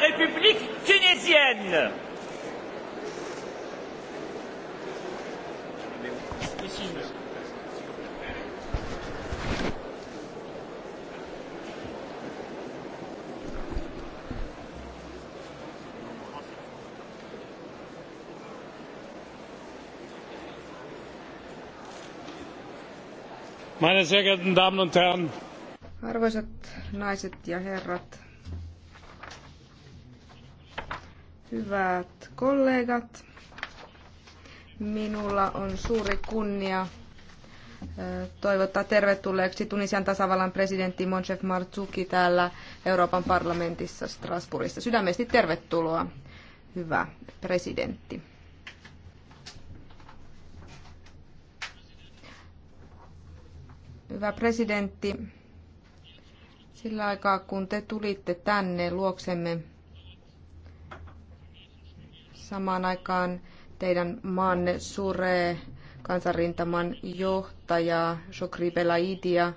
République tunisienne. Meine sehr geehrten Damen und Herren, Arvoisat naiset ja herrat, Hyvät kollegat, minulla on suuri kunnia toivottaa tervetulleeksi Tunisian tasavallan presidentti Monsef Marzuki täällä Euroopan parlamentissa Strasbourgissa. Sydämesti tervetuloa, hyvä presidentti. Hyvä presidentti, sillä aikaa kun te tulitte tänne luoksemme Samaan aikaan teidän maanne suree kansanrintaman johtaja Shokri Belaidia,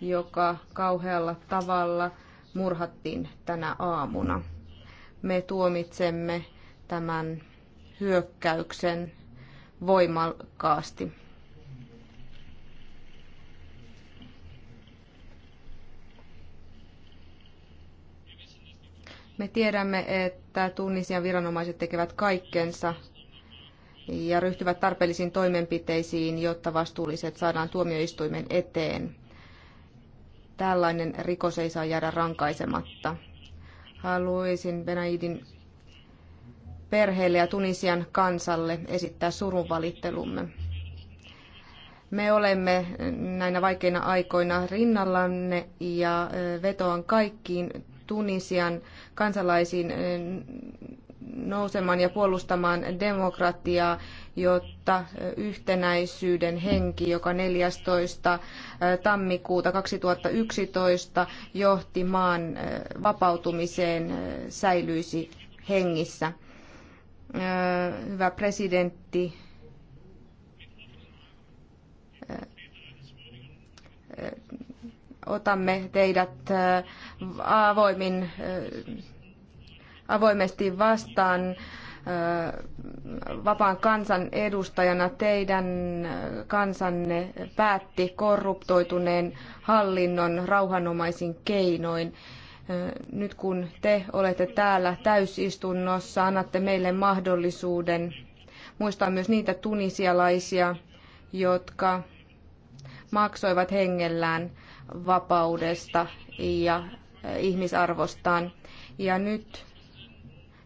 joka kauhealla tavalla murhattiin tänä aamuna. Me tuomitsemme tämän hyökkäyksen voimakkaasti. Me tiedämme, että Tunisian viranomaiset tekevät kaikkensa ja ryhtyvät tarpeellisiin toimenpiteisiin, jotta vastuulliset saadaan tuomioistuimen eteen. Tällainen rikos ei saa jäädä rankaisematta. Haluaisin Benaidin perheelle ja Tunisian kansalle esittää surunvalittelumme. Me olemme näinä vaikeina aikoina rinnallanne ja vetoan kaikkiin Tunisian kansalaisiin nousemaan ja puolustamaan demokratiaa, jotta yhtenäisyyden henki, joka 14. tammikuuta 2011 johti maan vapautumiseen, säilyisi hengissä. Hyvä presidentti, otamme teidät avoimin, avoimesti vastaan vapaan kansan edustajana teidän kansanne päätti korruptoituneen hallinnon rauhanomaisin keinoin. Nyt kun te olette täällä täysistunnossa, annatte meille mahdollisuuden muistaa myös niitä tunisialaisia, jotka maksoivat hengellään vapaudesta ja eh, ihmisarvostaan. Ja nyt,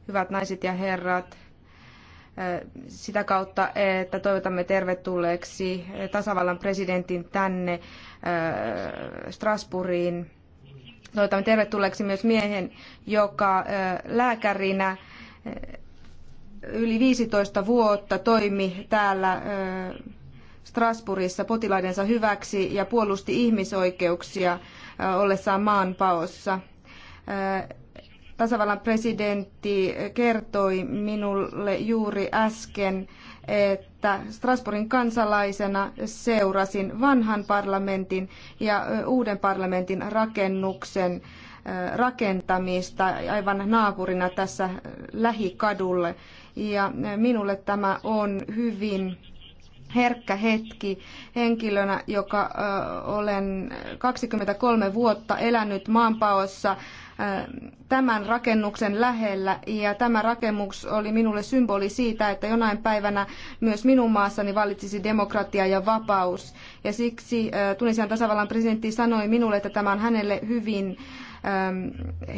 hyvät naiset ja herrat, eh, sitä kautta, että toivotamme tervetulleeksi eh, tasavallan presidentin tänne Strasbourgiin. Toivotamme tervetulleeksi myös miehen, joka lääkärinä yli 15 vuotta toimi täällä Strasbourgissa potilaidensa hyväksi ja puolusti ihmisoikeuksia äh, ollessaan maanpaossa. Äh, tasavallan presidentti kertoi minulle juuri äsken, että Strasbourgin kansalaisena seurasin vanhan parlamentin ja äh, uuden parlamentin rakennuksen rakentamista aivan naapurina tässä lähikadulle. Ja minulle tämä on hyvin herkkä hetki henkilönä, joka olen 23 vuotta elänyt maanpaossa tämän rakennuksen lähellä ja tämä rakennus oli minulle symboli siitä, että jonain päivänä myös minun maassani valitsisi demokratia ja vapaus. Ja siksi Tunisian tasavallan presidentti sanoi minulle, että tämä on hänelle hyvin äh,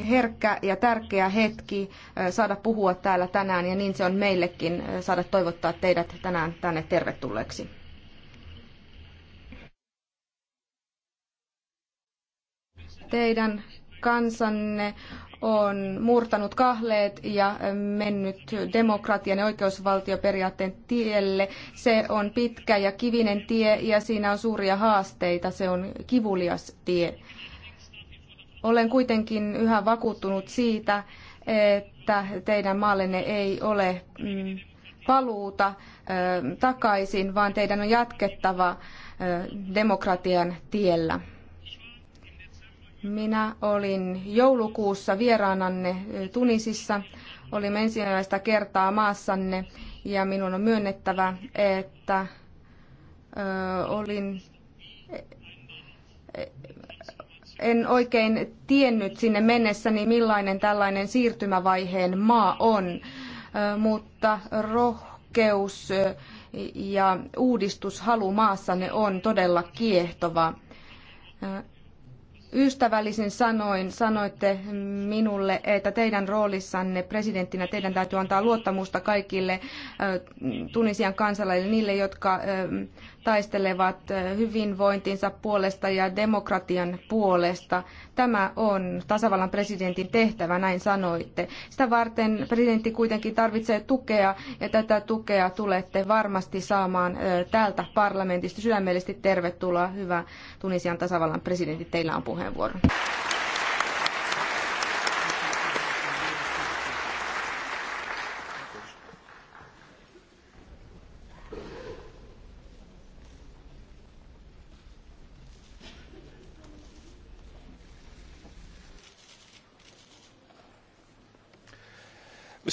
herkkä ja tärkeä hetki äh, saada puhua täällä tänään ja niin se on meillekin äh, saada toivottaa teidät tänään tänne tervetulleeksi. Teidän kansanne on murtanut kahleet ja äh, mennyt demokratian ja oikeusvaltioperiaatteen tielle. Se on pitkä ja kivinen tie ja siinä on suuria haasteita. Se on kivulias tie. Olen kuitenkin yhä vakuuttunut siitä, että teidän maallenne ei ole mm, paluuta takaisin, vaan teidän on jatkettava demokratian tiellä. Minä olin joulukuussa vieraananne Tunisissa. Olimme ensimmäistä kertaa maassanne ja minun on myönnettävä, että olin en oikein tiennyt sinne mennessäni, millainen tällainen siirtymävaiheen maa on, mutta rohkeus ja uudistushalu maassanne on todella kiehtova. Ystävällisin sanoin sanoitte minulle, että teidän roolissanne presidenttinä teidän täytyy antaa luottamusta kaikille Tunisian kansalaisille, niille, jotka taistelevat hyvinvointinsa puolesta ja demokratian puolesta. Tämä on tasavallan presidentin tehtävä, näin sanoitte. Sitä varten presidentti kuitenkin tarvitsee tukea ja tätä tukea tulette varmasti saamaan täältä parlamentista. Sydämellisesti tervetuloa, hyvä Tunisian tasavallan presidentti, teillä on puheenvuoro.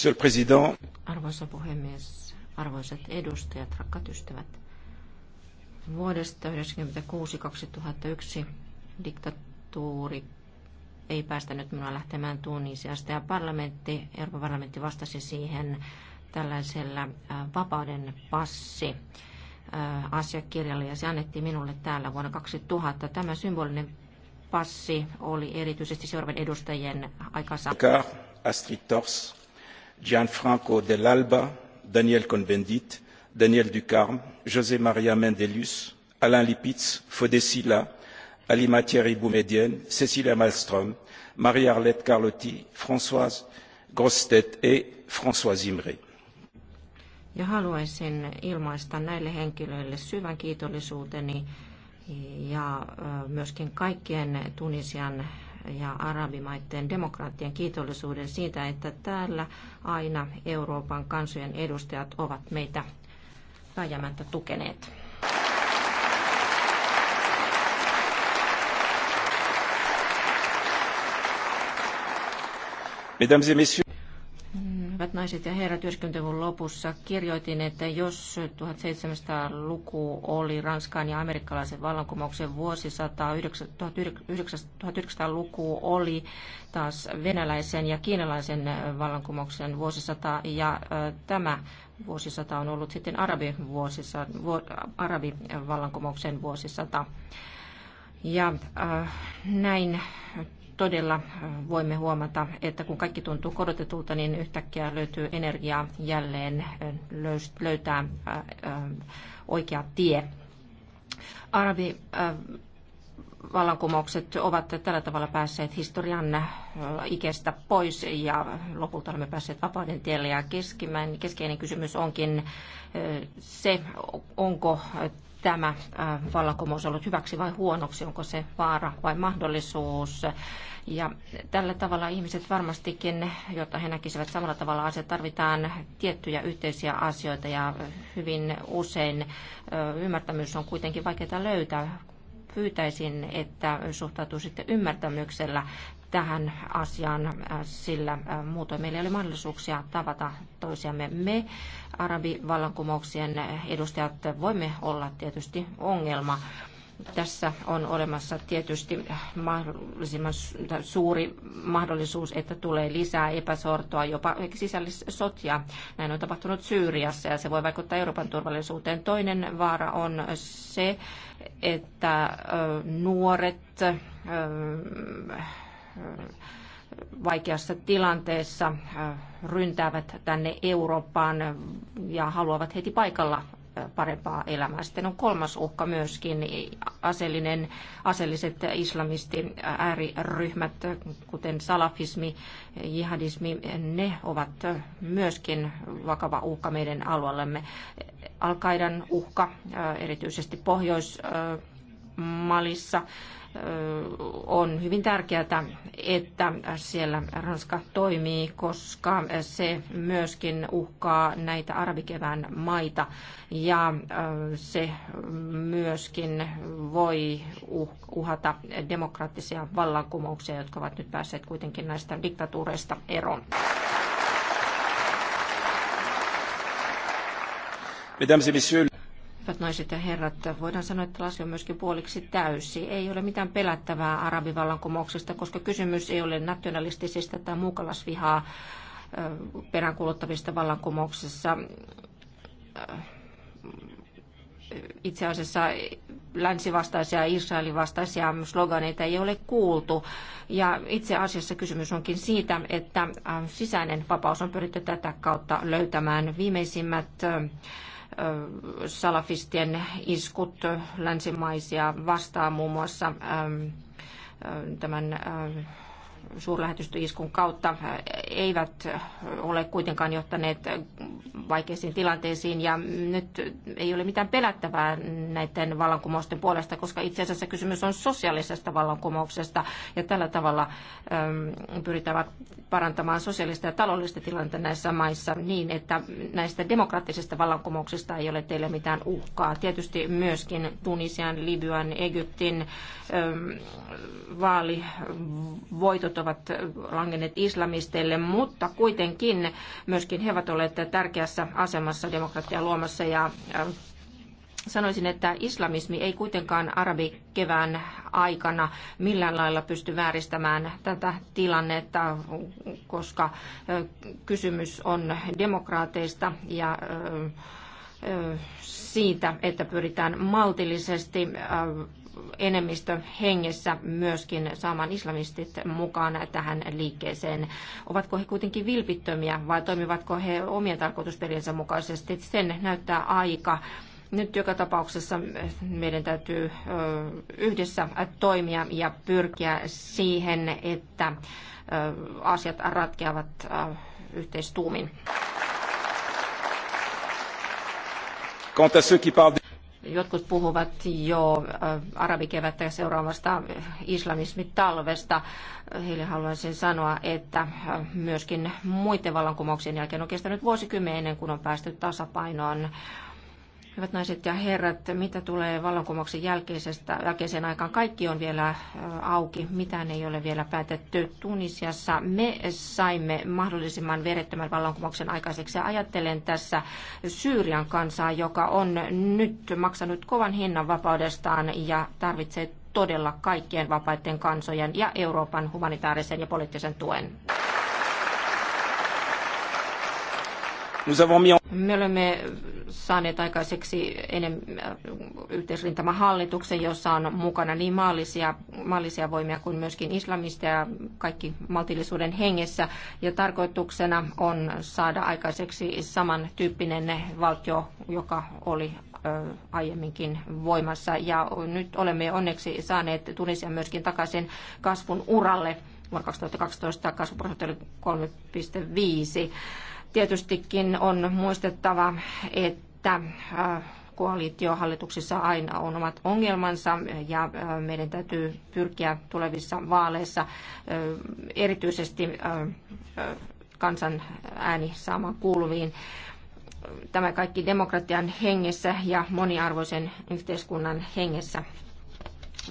Monsieur le Président. Arvoisa puhemies, arvoisat edustajat, rakkaat ystävät. Vuodesta 1996-2001 diktatuuri ei päästänyt minua lähtemään Tunisiasta ja parlamentti, Euroopan parlamentti vastasi siihen tällaisella äh, vapauden passi äh, asiakirjalla ja se annettiin minulle täällä vuonna 2000. Tämä symbolinen passi oli erityisesti seuraavan edustajien aikansa. Astrid Tors, Gianfranco Dell'Alba, Daniel Cohn-Bendit, Daniel Ducarme, José Maria mendelius Alain Lipitz, Fodé Silla, Ali Thierry Boumedienne, Cecilia malmstrm Marie-Arlette Carlotti, Françoise Grostet et François Zimré. Ja haluaisin ilmaista näille henkilöille syvän kiitollisuuteni ja myöskin kaikkien Tunisian ja arabimaiden demokraattien kiitollisuuden siitä, että täällä aina Euroopan kansojen edustajat ovat meitä väjämättä tukeneet. Mesdames et messieurs, Hyvät naiset ja herrat, työskentelyn lopussa kirjoitin, että jos 1700-luku oli Ranskan ja amerikkalaisen vallankumouksen vuosisata, 1900-luku oli taas venäläisen ja kiinalaisen vallankumouksen vuosisata ja tämä vuosisata on ollut sitten arabivallankumouksen vuosisata. Ja äh, näin todella äh, voimme huomata, että kun kaikki tuntuu korotetulta, niin yhtäkkiä löytyy energiaa jälleen äh, löytää äh, oikea tie. Arabi vallankumoukset ovat tällä tavalla päässeet historian ikestä pois ja lopulta olemme päässeet vapauden tielle. Ja keskeinen kysymys onkin se, onko tämä äh, vallankumous ollut hyväksi vai huonoksi, onko se vaara vai mahdollisuus. Ja tällä tavalla ihmiset varmastikin, jotta he näkisivät samalla tavalla asiat, tarvitaan tiettyjä yhteisiä asioita ja hyvin usein äh, ymmärtämys on kuitenkin vaikeaa löytää, pyytäisin, että suhtautuisitte ymmärtämyksellä tähän asiaan, äh, sillä äh, muutoin meillä ei ole mahdollisuuksia tavata toisiamme. Me arabivallankumouksien edustajat voimme olla tietysti ongelma. Tässä on olemassa tietysti mahdollisimman suuri mahdollisuus, että tulee lisää epäsortoa, jopa sisällissotia. Näin on tapahtunut Syyriassa ja se voi vaikuttaa Euroopan turvallisuuteen. Toinen vaara on se, että nuoret vaikeassa tilanteessa äh, ryntäävät tänne Eurooppaan ja haluavat heti paikalla äh, parempaa elämää. Sitten on kolmas uhka myöskin, aseellinen, aseelliset islamisti äh, ääriryhmät, kuten salafismi, jihadismi, ne ovat myöskin vakava uhka meidän alueellemme. Al-Qaidan uhka, erityisesti Pohjois- Malissa on hyvin tärkeää, että siellä Ranska toimii, koska se myöskin uhkaa näitä arabikevään maita ja se myöskin voi uh-, uhata demokraattisia vallankumouksia, jotka ovat nyt päässeet kuitenkin näistä diktatuureista eroon. Mesdames et messieurs, Hyvät naiset ja herrat, voidaan sanoa, että lasi on myöskin puoliksi täysi. Ei ole mitään pelättävää arabivallankumouksesta, koska kysymys ei ole nationalistisista tai muukalaisvihaa peräänkuuluttavista vallankumouksessa. Itse asiassa länsivastaisia ja Israelin vastaisia sloganeita ei ole kuultu. Ja itse asiassa kysymys onkin siitä, että sisäinen vapaus on pyritty tätä kautta löytämään. Viimeisimmät salafistien iskut länsimaisia vastaan muun muassa tämän suurlähetystöiskun kautta äh, eivät ole kuitenkaan johtaneet vaikeisiin tilanteisiin ja nyt ei ole mitään pelättävää näiden vallankumousten puolesta, koska itse asiassa kysymys on sosiaalisesta vallankumouksesta ja tällä tavalla ähm, pyritään parantamaan sosiaalista ja taloudellista tilannetta näissä maissa niin, että näistä demokraattisista vallankumouksista ei ole teille mitään uhkaa. Tietysti myöskin Tunisian, Libyan, Egyptin ähm, vaalivoitot ovat langenneet islamisteille, mutta kuitenkin myöskin he ovat olleet tärkeässä asemassa demokratia luomassa ja äh, sanoisin, että islamismi ei kuitenkaan arabikevään aikana millään lailla pysty vääristämään tätä tilannetta, koska äh, kysymys on demokraateista ja äh, siitä, että pyritään maltillisesti enemmistö hengessä myöskin saamaan islamistit mukaan tähän liikkeeseen. Ovatko he kuitenkin vilpittömiä vai toimivatko he omien tarkoitusperiensä mukaisesti? Sen näyttää aika nyt joka tapauksessa meidän täytyy yhdessä toimia ja pyrkiä siihen, että asiat ratkeavat yhteistuumin. Quant à ceux qui parlent Jotkut puhuvat jo äh, arabikevättä ja seuraavasta islamismitalvesta. Heille haluaisin sanoa, että äh, myöskin muiden vallankumouksien jälkeen on kestänyt vuosikymmen ennen kuin on päästy tasapainoon Hyvät naiset ja herrat, mitä tulee vallankumouksen jälkeisestä, jälkeiseen aikaan, kaikki on vielä auki, mitään ei ole vielä päätetty. Tunisiassa me saimme mahdollisimman verettömän vallankumouksen aikaiseksi ajattelen tässä Syyrian kansaa, joka on nyt maksanut kovan hinnan vapaudestaan ja tarvitsee todella kaikkien vapaiden kansojen ja Euroopan humanitaarisen ja poliittisen tuen. Me olemme saaneet aikaiseksi enemmän yhteisrintamahallituksen, jossa on mukana niin maallisia, maallisia voimia kuin myöskin islamista ja kaikki maltillisuuden hengessä. Ja tarkoituksena on saada aikaiseksi samantyyppinen valtio, joka oli aiemminkin voimassa. Ja nyt olemme onneksi saaneet Tunisia myöskin takaisin kasvun uralle. Vuonna 2012 kasvuprosentti oli 3,5 Tietystikin on muistettava, että äh, koalitiohallituksissa aina on omat ongelmansa ja äh, meidän täytyy pyrkiä tulevissa vaaleissa äh, erityisesti kansan ääni saamaan kuuluviin. Tämä kaikki demokratian hengessä ja moniarvoisen yhteiskunnan hengessä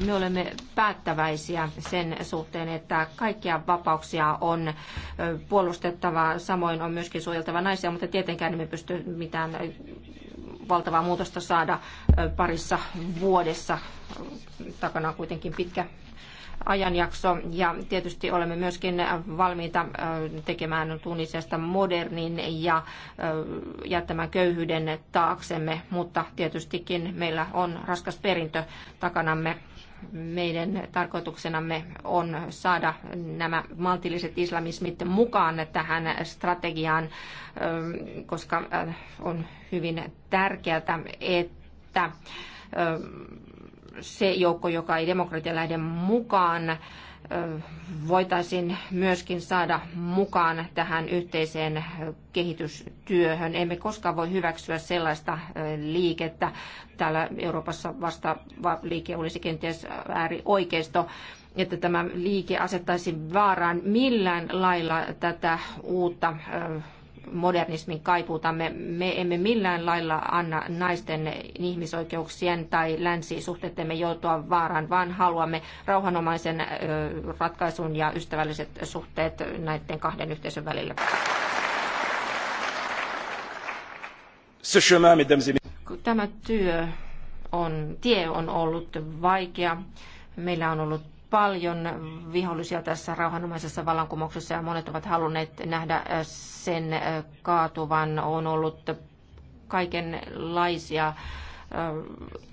me olemme päättäväisiä sen suhteen, että kaikkia vapauksia on puolustettava, samoin on myöskin suojeltava naisia, mutta tietenkään emme pysty mitään valtavaa muutosta saada parissa vuodessa. Takana on kuitenkin pitkä ajanjakso ja tietysti olemme myöskin valmiita tekemään Tunisiasta modernin ja jättämään köyhyyden taaksemme, mutta tietystikin meillä on raskas perintö takanamme meidän tarkoituksenamme on saada nämä maltilliset islamismit mukaan tähän strategiaan, ähm, koska äh, on hyvin tärkeää, että ähm, se joukko, joka ei demokratia lähde mukaan, voitaisiin myöskin saada mukaan tähän yhteiseen kehitystyöhön. Emme koskaan voi hyväksyä sellaista liikettä. Täällä Euroopassa vasta liike olisi kenties äärioikeisto että tämä liike asettaisi vaaraan millään lailla tätä uutta modernismin kaipuutamme. Me emme millään lailla anna naisten ihmisoikeuksien tai länsisuhteettemme joutua vaaraan, vaan haluamme rauhanomaisen ratkaisun ja ystävälliset suhteet näiden kahden yhteisön välillä. Tämä työ on, tie on ollut vaikea. Meillä on ollut paljon vihollisia tässä rauhanomaisessa vallankumouksessa ja monet ovat halunneet nähdä äh, sen äh, kaatuvan. On ollut kaikenlaisia äh,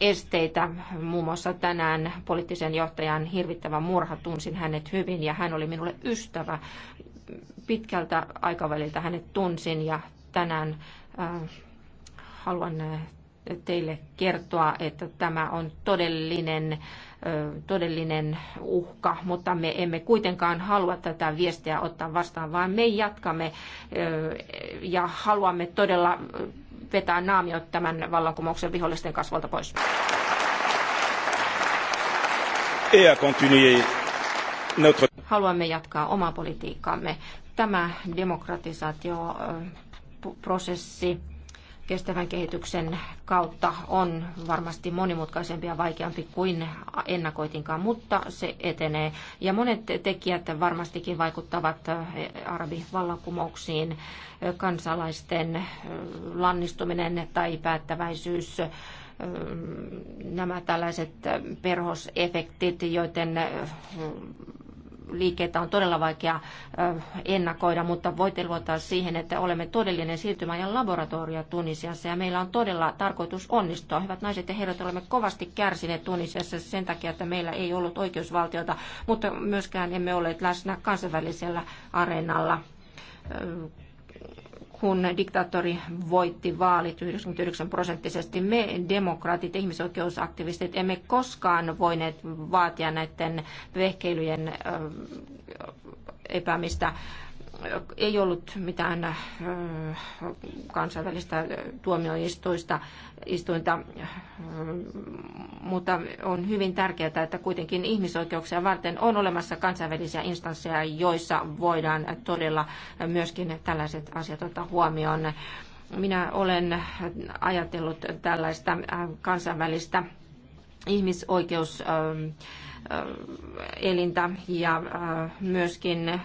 esteitä. Muun muassa tänään poliittisen johtajan hirvittävä murha, tunsin hänet hyvin ja hän oli minulle ystävä. Pitkältä aikaväliltä hänet tunsin ja tänään haluan teille kertoa, että tämä on todellinen, todellinen uhka, mutta me emme kuitenkaan halua tätä viestiä ottaa vastaan, vaan me jatkamme ja haluamme todella vetää naamiot tämän vallankumouksen vihollisten kasvalta pois. Haluamme jatkaa omaa politiikkaamme. Tämä demokratisaatioprosessi kestävän kehityksen kautta on varmasti monimutkaisempi ja vaikeampi kuin ennakoitinkaan, mutta se etenee. Ja monet tekijät varmastikin vaikuttavat eh, arabivallankumouksiin, eh, kansalaisten eh, lannistuminen tai päättäväisyys, nämä tällaiset perhosefektit, joiden liikkeitä on todella vaikea ennakoida, mutta voitte luottaa siihen, että olemme todellinen siirtymäajan laboratorio Tunisiassa ja meillä on todella tarkoitus onnistua. Hyvät naiset ja herrat, olemme kovasti kärsineet Tunisiassa sen takia, että meillä ei ollut oikeusvaltiota, mutta myöskään emme olleet läsnä kansainvälisellä areenalla kun diktaattori voitti vaalit 99 prosenttisesti. Me demokraatit, ihmisoikeusaktivistit emme koskaan voineet vaatia näiden vehkeilyjen epäämistä ei ollut mitään äh, kansainvälistä tuomioistuista, istuinta, äh, mutta on hyvin tärkeää, että kuitenkin ihmisoikeuksia varten on olemassa kansainvälisiä instansseja, joissa voidaan todella myöskin tällaiset asiat ottaa huomioon. Minä olen ajatellut tällaista äh, kansainvälistä ihmisoikeus ähm, Äh, elintä ja äh, myöskin äh,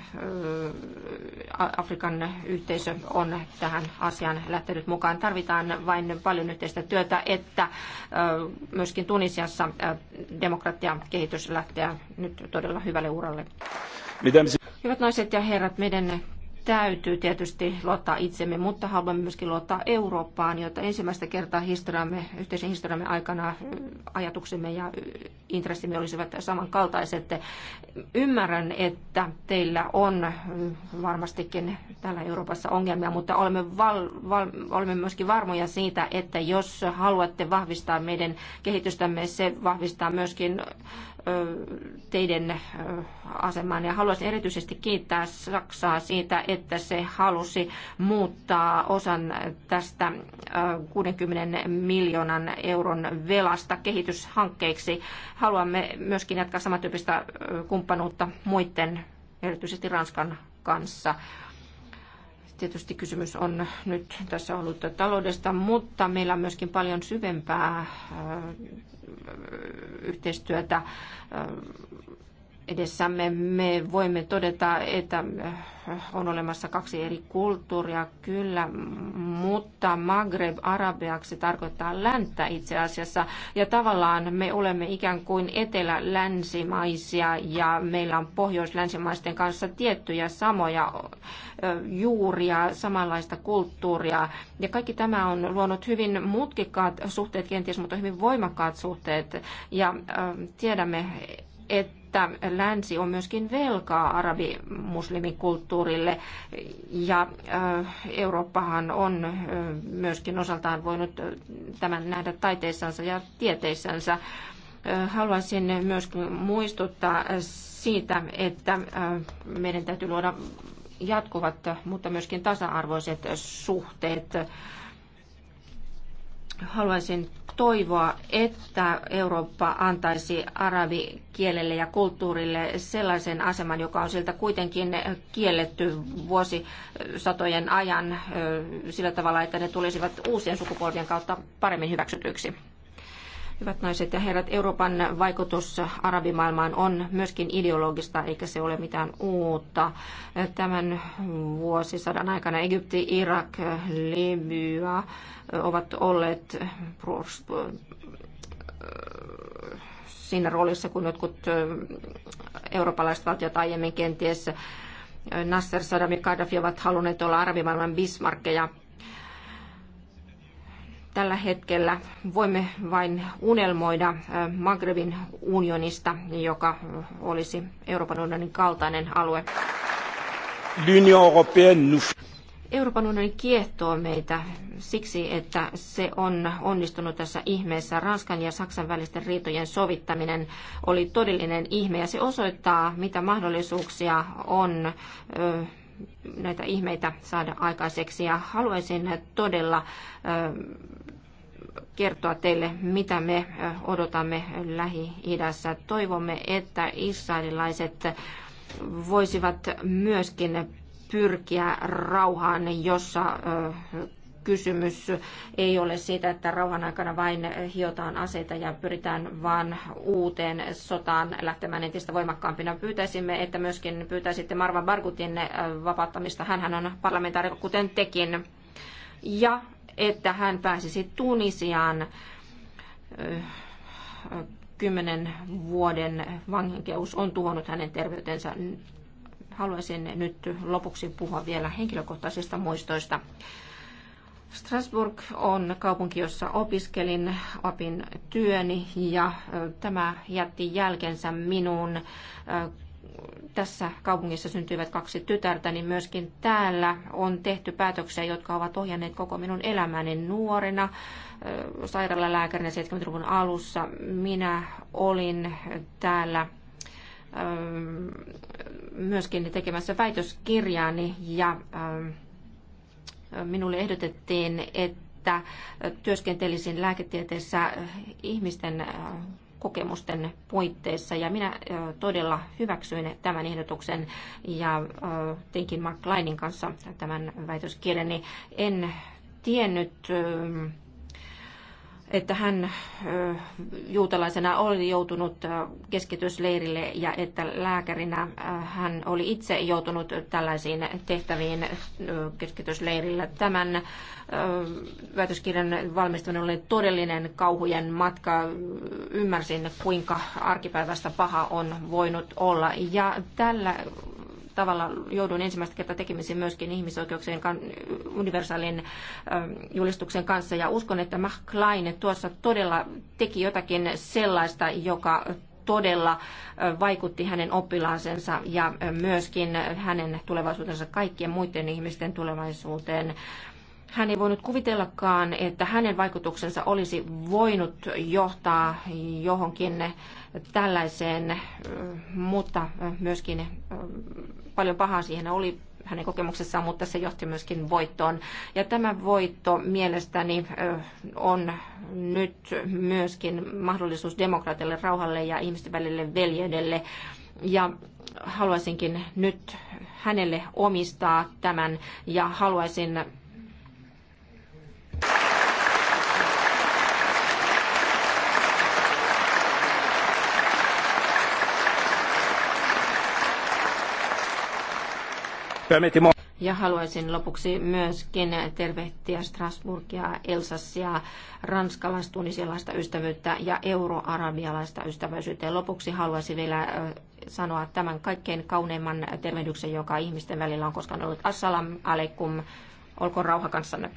Afrikan yhteisö on tähän asiaan lähtenyt mukaan. Tarvitaan vain paljon yhteistä työtä, että myöskin Tunisiassa demokratia kehitys lähtee nyt todella hyvälle uralle. Hyvät naiset ja herrat, meidän täytyy tietysti luottaa itsemme, mutta haluamme myöskin luottaa Eurooppaan, jota ensimmäistä kertaa historiamme, yhteisen historiamme aikana ajatuksemme ja intressimme olisivat samankaltaiset. Ymmärrän, että teillä on varmastikin täällä Euroopassa ongelmia, mutta olemme, val, val, olemme myöskin varmoja siitä, että jos haluatte vahvistaa meidän kehitystämme, se vahvistaa myöskin teidän aseman. Ja haluaisin erityisesti kiittää Saksaa siitä, että se halusi muuttaa osan tästä 60 miljoonan euron velasta kehityshankkeiksi. Haluamme myöskin jatkaa samantyyppistä kumppanuutta muiden, erityisesti Ranskan kanssa tietysti kysymys on nyt tässä ollut taloudesta, mutta meillä on myöskin paljon syvempää yhteistyötä edessämme me voimme todeta, että äh, on olemassa kaksi eri kulttuuria, kyllä, mutta Maghreb arabiaksi tarkoittaa länttä itse asiassa. Ja tavallaan me olemme ikään kuin etelä-länsimaisia ja meillä on pohjois-länsimaisten kanssa tiettyjä samoja juuria, samanlaista kulttuuria. Ja kaikki tämä on luonut hyvin mutkikkaat suhteet kenties, mutta hyvin voimakkaat suhteet. Ja tiedämme, että että länsi on myöskin velkaa arabimuslimikulttuurille ja Eurooppahan on myöskin osaltaan voinut tämän nähdä taiteissansa ja tieteissänsä. Haluaisin myöskin muistuttaa siitä, että meidän täytyy luoda jatkuvat, mutta myöskin tasa-arvoiset suhteet haluaisin toivoa, että Eurooppa antaisi arabikielelle ja kulttuurille sellaisen aseman, joka on siltä kuitenkin kielletty vuosisatojen ajan sillä tavalla, että ne tulisivat uusien sukupolvien kautta paremmin hyväksytyiksi. Hyvät naiset ja herrat, Euroopan vaikutus arabimaailmaan on myöskin ideologista, eikä se ole mitään uutta. Tämän vuosisadan aikana Egypti, Irak, Libya ovat olleet siinä roolissa, kun jotkut eurooppalaiset valtiot aiemmin kenties Nasser, Saddam ja Gaddafi ovat halunneet olla arabimaailman bismarkkeja – Tällä hetkellä voimme vain unelmoida Magrebin unionista, joka olisi Euroopan unionin kaltainen alue. Euroopan unioni kiehtoo meitä siksi, että se on onnistunut tässä ihmeessä. Ranskan ja Saksan välisten riitojen sovittaminen oli todellinen ihme ja se osoittaa, mitä mahdollisuuksia on näitä ihmeitä saada aikaiseksi. Ja haluaisin todella kertoa teille, mitä me odotamme Lähi-idässä. Toivomme, että israelilaiset voisivat myöskin pyrkiä rauhaan, jossa kysymys ei ole siitä, että rauhan aikana vain hiotaan aseita ja pyritään vaan uuteen sotaan lähtemään entistä voimakkaampina. No, pyytäisimme, että myöskin pyytäisitte Marva Barkutin äh, vapauttamista. Hänhän on parlamentaarikko kuten tekin. Ja että hän pääsisi Tunisiaan äh, kymmenen vuoden vankeus on tuhonnut hänen terveytensä. Haluaisin nyt lopuksi puhua vielä henkilökohtaisista muistoista. Strasbourg on kaupunki, jossa opiskelin, opin työni ja tämä jätti jälkensä minun tässä kaupungissa syntyivät kaksi tytärtä, niin myöskin täällä on tehty päätöksiä, jotka ovat ohjanneet koko minun elämäni nuorena. Sairaalalääkärinä 70-luvun alussa minä olin täällä myöskin tekemässä väitöskirjaani ja minulle ehdotettiin, että työskentelisin lääketieteessä eh, ihmisten eh, kokemusten puitteissa ja minä eh, todella hyväksyin tämän ehdotuksen ja tinkin Mark Lainin kanssa tämän väitöskieleni. En tiennyt että hän juutalaisena oli joutunut keskitysleirille ja että lääkärinä hän oli itse joutunut tällaisiin tehtäviin keskitysleirillä. Tämän väitöskirjan valmistuminen oli todellinen kauhujen matka. Ymmärsin, kuinka arkipäivästä paha on voinut olla. Ja tällä tavalla joudun ensimmäistä kertaa tekemisiin myöskin ihmisoikeuksien universaalin ähm, julistuksen kanssa. Ja uskon, että Mark Klein tuossa todella teki jotakin sellaista, joka todella äh, vaikutti hänen oppilaansensa ja äh, myöskin hänen tulevaisuutensa kaikkien muiden ihmisten tulevaisuuteen. Hän ei voinut kuvitellakaan, että hänen vaikutuksensa olisi voinut johtaa johonkin tällaiseen, äh, mutta myöskin paljon pahaa siihen oli hänen kokemuksessaan, mutta se johti myöskin voittoon. Ja tämä voitto mielestäni on nyt myöskin mahdollisuus demokratialle, rauhalle ja ihmisten välille veljeydelle. Ja haluaisinkin nyt hänelle omistaa tämän ja haluaisin Ja haluaisin lopuksi myöskin tervehtiä Strasburgia, Elsassia, ranskalais ystävyyttä ja euroarabialaista ystäväisyyttä. Ja lopuksi haluaisin vielä sanoa tämän kaikkein kauneimman tervehdyksen, joka ihmisten välillä on koskaan ollut. Assalamu alaikum. Olkoon rauha kanssanne.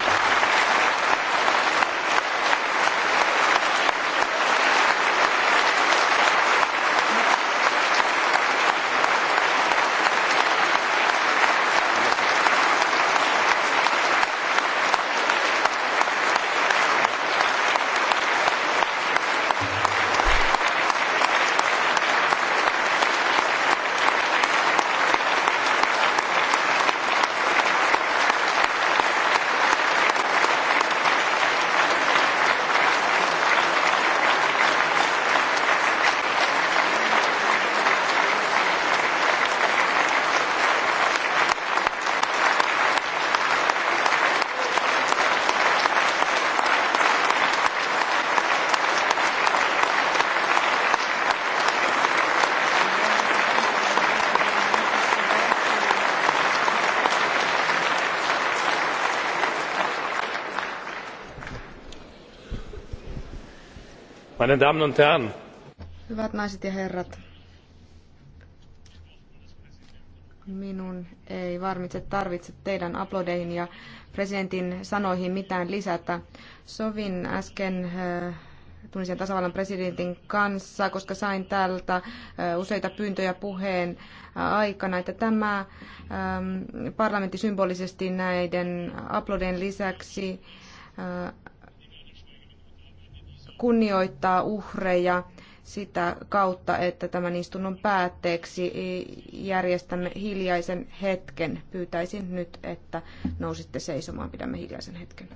Meine Damen und Herren. Hyvät naiset ja herrat. Minun ei varmitse tarvitse teidän aplodeihin ja presidentin sanoihin mitään lisätä. Sovin äsken eh, Tunisian tasavallan presidentin kanssa, koska sain täältä eh, useita pyyntöjä puheen eh, aikana, että tämä parlamentti symbolisesti näiden aplodeen lisäksi kunnioittaa uhreja sitä kautta, että tämän istunnon päätteeksi järjestämme hiljaisen hetken. Pyytäisin nyt, että nousitte seisomaan, pidämme hiljaisen hetken.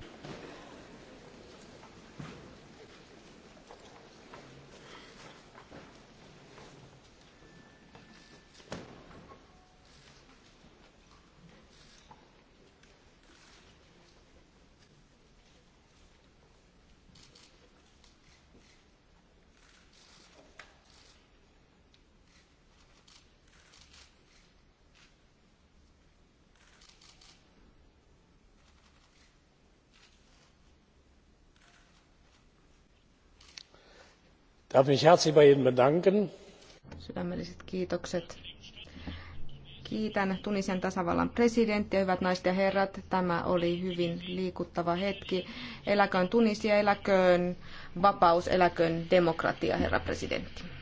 darf mich herzlich bei Ihnen bedanken. Sydämelliset kiitokset. Kiitän Tunisian tasavallan presidenttiä, hyvät naiset ja herrat. Tämä oli hyvin liikuttava hetki. Eläköön Tunisia, eläköön vapaus, eläköön demokratia, herra presidentti.